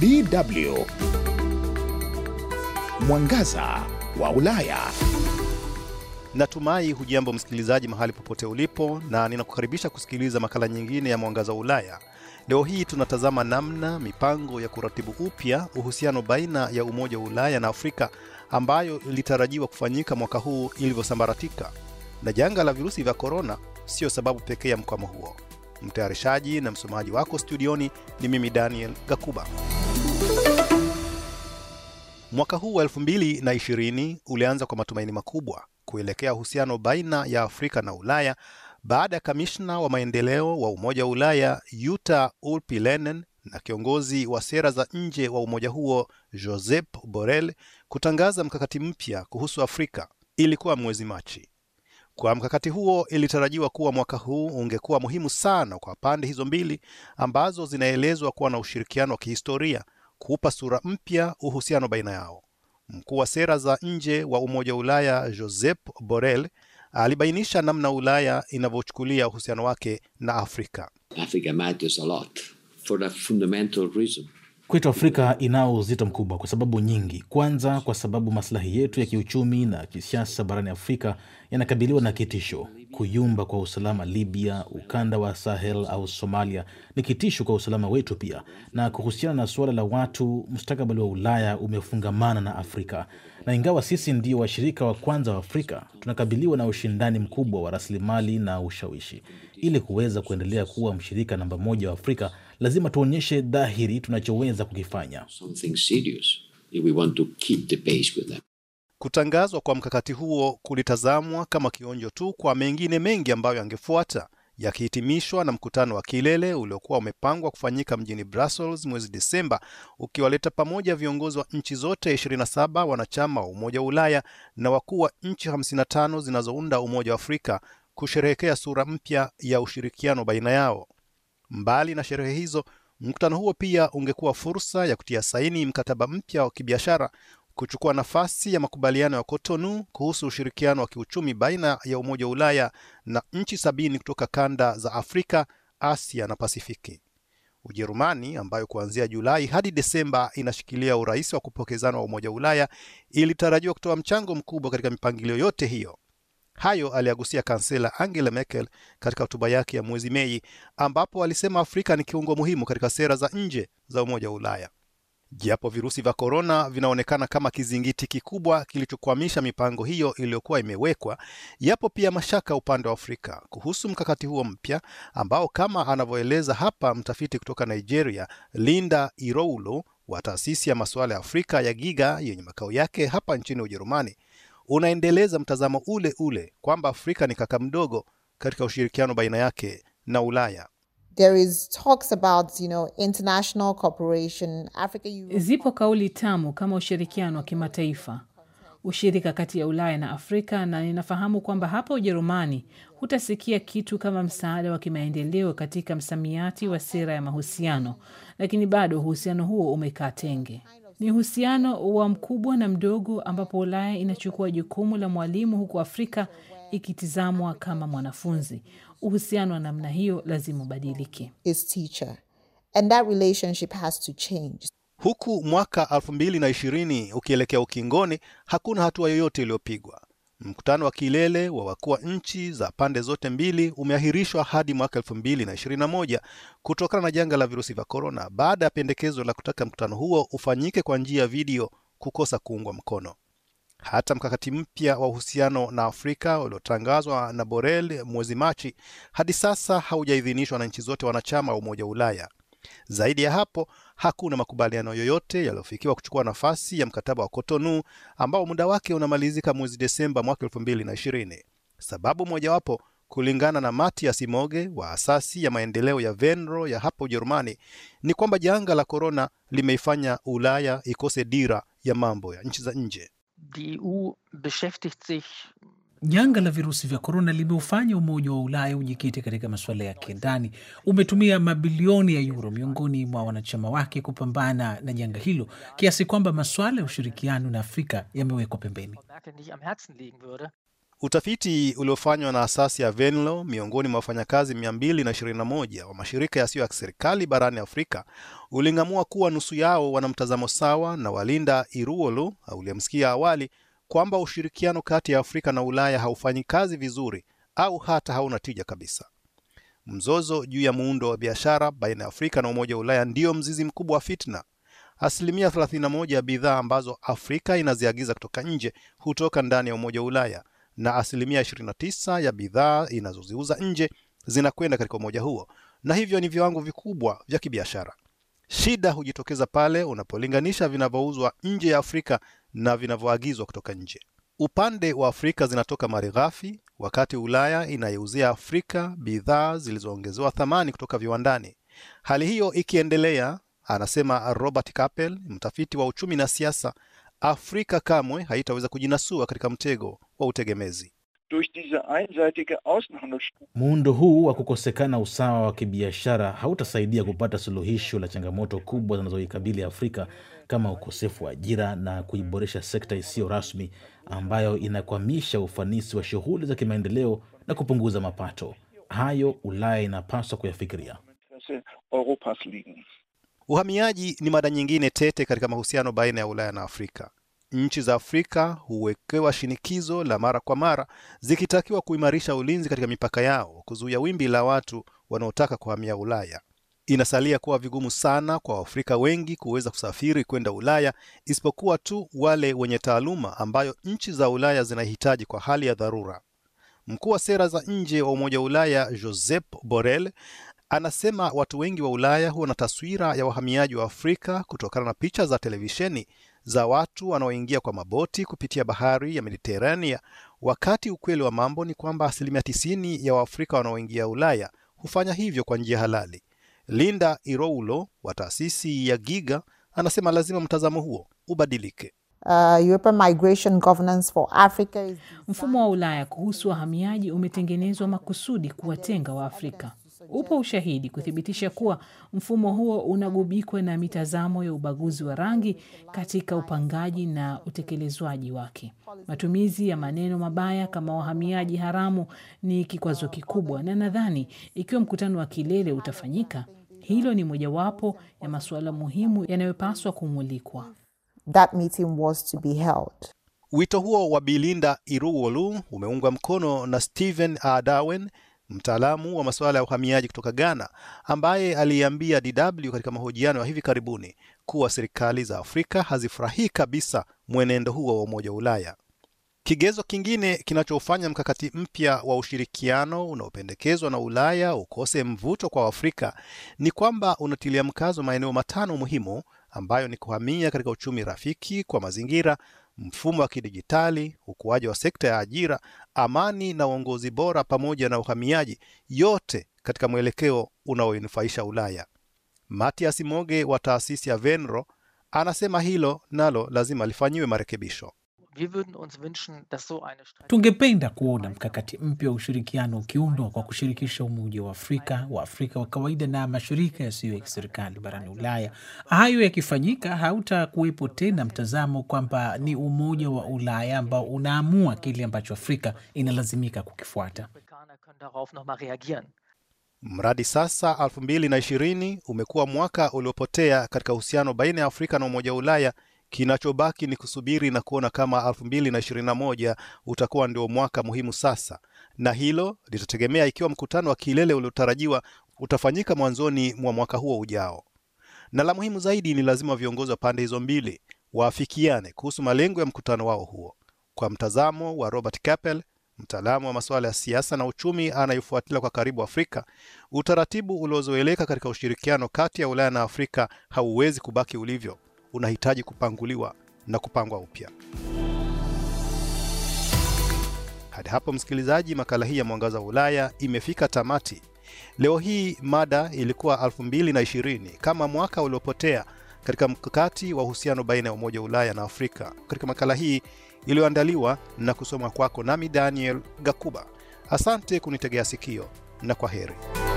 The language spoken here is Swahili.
DW Mwangaza wa Ulaya. Natumai hujambo msikilizaji, mahali popote ulipo, na ninakukaribisha kusikiliza makala nyingine ya Mwangaza wa Ulaya. Leo hii tunatazama namna mipango ya kuratibu upya uhusiano baina ya Umoja wa Ulaya na Afrika ambayo ilitarajiwa kufanyika mwaka huu ilivyosambaratika, na janga la virusi vya korona siyo sababu pekee ya mkwamo huo. Mtayarishaji na msomaji wako studioni ni mimi Daniel Gakuba. Mwaka huu wa 2020 ulianza kwa matumaini makubwa kuelekea uhusiano baina ya Afrika na Ulaya baada ya kamishna wa maendeleo wa Umoja wa Ulaya ulpi lenen na kiongozi wa sera za nje wa umoja huo Josep borel kutangaza mkakati mpya kuhusu Afrika. Ilikuwa mwezi Machi. Kwa mkakati huo, ilitarajiwa kuwa mwaka huu ungekuwa muhimu sana kwa pande hizo mbili ambazo zinaelezwa kuwa na ushirikiano wa kihistoria kuupa sura mpya uhusiano baina yao. Mkuu wa sera za nje wa Umoja wa Ulaya Josep Borrell alibainisha namna Ulaya inavyochukulia uhusiano wake na Afrika. Africa matters a lot for a fundamental reason. Kwetu Afrika inao uzito mkubwa kwa sababu nyingi. Kwanza, kwa sababu maslahi yetu ya kiuchumi na kisiasa barani Afrika yanakabiliwa na kitisho. Kuyumba kwa usalama Libya, ukanda wa Sahel au Somalia ni kitisho kwa usalama wetu pia. Na kuhusiana na suala la watu, mustakabali wa Ulaya umefungamana na Afrika, na ingawa sisi ndio washirika wa kwanza wa Afrika, tunakabiliwa na ushindani mkubwa wa rasilimali na ushawishi. Ili kuweza kuendelea kuwa mshirika namba moja wa Afrika, lazima tuonyeshe dhahiri tunachoweza kukifanya. Kutangazwa kwa mkakati huo kulitazamwa kama kionjo tu kwa mengine mengi ambayo yangefuata, yakihitimishwa na mkutano wa kilele uliokuwa umepangwa kufanyika mjini Brussels mwezi Desemba, ukiwaleta pamoja viongozi wa nchi zote 27 wanachama wa Umoja wa Ulaya na wakuu wa nchi 55 zinazounda Umoja wa Afrika kusherehekea sura mpya ya ushirikiano baina yao. Mbali na sherehe hizo, mkutano huo pia ungekuwa fursa ya kutia saini mkataba mpya wa kibiashara, kuchukua nafasi ya makubaliano ya Cotonou kuhusu ushirikiano wa kiuchumi baina ya Umoja wa Ulaya na nchi sabini kutoka kanda za Afrika, Asia na Pasifiki. Ujerumani ambayo kuanzia Julai hadi Desemba inashikilia urais wa kupokezana wa Umoja wa Ulaya ilitarajiwa kutoa mchango mkubwa katika mipangilio yote hiyo. Hayo aliyagusia kansela Angela Merkel katika hotuba yake ya mwezi Mei, ambapo alisema Afrika ni kiungo muhimu katika sera za nje za Umoja wa Ulaya. Japo virusi vya korona vinaonekana kama kizingiti kikubwa kilichokwamisha mipango hiyo iliyokuwa imewekwa, yapo pia mashaka upande wa Afrika kuhusu mkakati huo mpya ambao, kama anavyoeleza hapa mtafiti kutoka Nigeria, Linda Iroulo wa taasisi ya masuala ya Afrika ya Giga yenye makao yake hapa nchini Ujerumani, unaendeleza mtazamo ule ule kwamba Afrika ni kaka mdogo katika ushirikiano baina yake na Ulaya. There is talks about, you know, international cooperation, Africa, Zipo kauli tamu kama ushirikiano wa kimataifa, ushirika kati ya Ulaya na Afrika, na ninafahamu kwamba hapa Ujerumani hutasikia kitu kama msaada wa kimaendeleo katika msamiati wa sera ya mahusiano, lakini bado uhusiano huo umekaa tenge. Ni uhusiano wa mkubwa na mdogo ambapo Ulaya inachukua jukumu la mwalimu huku Afrika ikitizamwa kama mwanafunzi. Uhusiano wa namna hiyo lazima ubadilike. Huku mwaka 2020 ukielekea ukingoni, hakuna hatua yoyote iliyopigwa. Mkutano wa kilele wa wakuu wa nchi za pande zote mbili umeahirishwa hadi mwaka 2021 kutokana na janga la virusi vya korona, baada ya pendekezo la kutaka mkutano huo ufanyike kwa njia ya video kukosa kuungwa mkono. Hata mkakati mpya wa uhusiano na Afrika uliotangazwa na Borrell mwezi Machi hadi sasa haujaidhinishwa na nchi zote wanachama wa Umoja wa Ulaya. Zaidi ya hapo, hakuna makubaliano yoyote yaliyofikiwa kuchukua nafasi ya mkataba wa Kotonu ambao muda wake unamalizika mwezi Desemba mwaka 2020. Sababu mojawapo kulingana na Matias Imoge wa asasi ya maendeleo ya Venro ya hapa Ujerumani ni kwamba janga la korona limeifanya Ulaya ikose dira ya mambo ya nchi za nje. Die EU beschäftigt sich Janga la virusi vya korona limeufanya Umoja wa Ulaya ujikite katika masuala ya kindani. Umetumia mabilioni ya yuro miongoni mwa wanachama wake kupambana na janga hilo, kiasi kwamba masuala ya ushirikiano na Afrika yamewekwa pembeni. Utafiti uliofanywa na asasi ya Venlo miongoni mwa wafanyakazi 221 wa mashirika yasiyo ya kiserikali barani Afrika uling'amua kuwa nusu yao wana mtazamo sawa na Walinda Iruolu uliyemsikia awali kwamba ushirikiano kati ya Afrika na Ulaya haufanyi kazi vizuri au hata hauna tija kabisa. Mzozo juu ya muundo wa biashara baina ya Afrika na Umoja wa Ulaya ndiyo mzizi mkubwa wa fitna. Asilimia 31 ya bidhaa ambazo Afrika inaziagiza kutoka nje hutoka ndani ya Umoja wa Ulaya na asilimia 29 ya bidhaa inazoziuza nje zinakwenda katika umoja huo, na hivyo ni viwango vikubwa vya kibiashara. Shida hujitokeza pale unapolinganisha vinavyouzwa nje ya Afrika na vinavyoagizwa kutoka nje. Upande wa Afrika zinatoka ghafi wakati Ulaya inaiuzia Afrika bidhaa zilizoongezewa thamani kutoka viwandani. Hali hiyo ikiendelea, anasema Robert Capel, mtafiti wa uchumi na siasa, Afrika kamwe haitaweza kujinasua katika mtego wa utegemezi. Muundo huu wa kukosekana usawa wa kibiashara hautasaidia kupata suluhisho la changamoto kubwa zinazoikabili Afrika kama ukosefu wa ajira na kuiboresha sekta isiyo rasmi ambayo inakwamisha ufanisi wa shughuli za kimaendeleo na kupunguza mapato. Hayo Ulaya inapaswa kuyafikiria. Uhamiaji ni mada nyingine tete katika mahusiano baina ya Ulaya na Afrika. Nchi za Afrika huwekewa shinikizo la mara kwa mara zikitakiwa kuimarisha ulinzi katika mipaka yao kuzuia wimbi la watu wanaotaka kuhamia Ulaya. Inasalia kuwa vigumu sana kwa Waafrika wengi kuweza kusafiri kwenda Ulaya isipokuwa tu wale wenye taaluma ambayo nchi za Ulaya zinahitaji kwa hali ya dharura. Mkuu wa sera za nje wa Umoja wa Ulaya Josep Borrell anasema watu wengi wa Ulaya huwa na taswira ya wahamiaji wa Afrika kutokana na picha za televisheni za watu wanaoingia kwa maboti kupitia bahari ya Mediterania, wakati ukweli wa mambo ni kwamba asilimia 90 ya Waafrika wanaoingia Ulaya hufanya hivyo kwa njia halali. Linda Iroulo wa taasisi ya Giga anasema lazima mtazamo huo ubadilike. Uh, Mfumo wa Ulaya kuhusu wahamiaji umetengenezwa makusudi kuwatenga Waafrika. Upo ushahidi kuthibitisha kuwa mfumo huo unagubikwa na mitazamo ya ubaguzi wa rangi katika upangaji na utekelezwaji wake. Matumizi ya maneno mabaya kama wahamiaji haramu ni kikwazo kikubwa, na nadhani ikiwa mkutano wa kilele utafanyika, hilo ni mojawapo ya masuala muhimu yanayopaswa kumulikwa. That meeting was to be held. Wito huo wa Bilinda Iruwolu umeungwa mkono na Stephen Adawen mtaalamu wa masuala ya uhamiaji kutoka Ghana ambaye aliambia DW katika mahojiano ya hivi karibuni kuwa serikali za Afrika hazifurahii kabisa mwenendo huo wa Umoja wa Ulaya. Kigezo kingine kinachofanya mkakati mpya wa ushirikiano unaopendekezwa na Ulaya ukose mvuto kwa Afrika ni kwamba unatilia mkazo maeneo matano muhimu ambayo ni kuhamia katika uchumi rafiki kwa mazingira, mfumo wa kidijitali, ukuaji wa sekta ya ajira, amani na uongozi bora, pamoja na uhamiaji, yote katika mwelekeo unaoinufaisha Ulaya. Matias Moge wa taasisi ya Venro anasema hilo nalo lazima lifanyiwe marekebisho. Tungependa kuona mkakati mpya wa ushirikiano ukiundwa kwa kushirikisha Umoja wa Afrika, wa afrika wa kawaida na mashirika yasiyo ya kiserikali barani Ulaya. Hayo yakifanyika, hautakuwepo tena mtazamo kwamba ni Umoja wa Ulaya ambao unaamua kile ambacho Afrika inalazimika kukifuata. Mradi sasa 2020 umekuwa mwaka uliopotea katika uhusiano baina ya Afrika na Umoja wa Ulaya Kinachobaki ni kusubiri na kuona kama 2021 utakuwa ndio mwaka muhimu sasa, na hilo litategemea ikiwa mkutano wa kilele uliotarajiwa utafanyika mwanzoni mwa mwaka huo ujao. Na la muhimu zaidi ni lazima viongozi wa pande hizo mbili waafikiane kuhusu malengo ya mkutano wao huo. Kwa mtazamo wa Robert capel mtaalamu wa masuala ya siasa na uchumi anayefuatilia kwa karibu Afrika, utaratibu uliozoeleka katika ushirikiano kati ya Ulaya na Afrika hauwezi kubaki ulivyo unahitaji kupanguliwa na kupangwa upya. Hadi hapo msikilizaji, makala hii ya Mwangaza wa Ulaya imefika tamati. Leo hii mada ilikuwa 220 kama mwaka uliopotea katika mkakati wa uhusiano baina ya Umoja wa Ulaya na Afrika. Katika makala hii iliyoandaliwa na kusoma kwako nami Daniel Gakuba. Asante kunitegea sikio na kwa heri.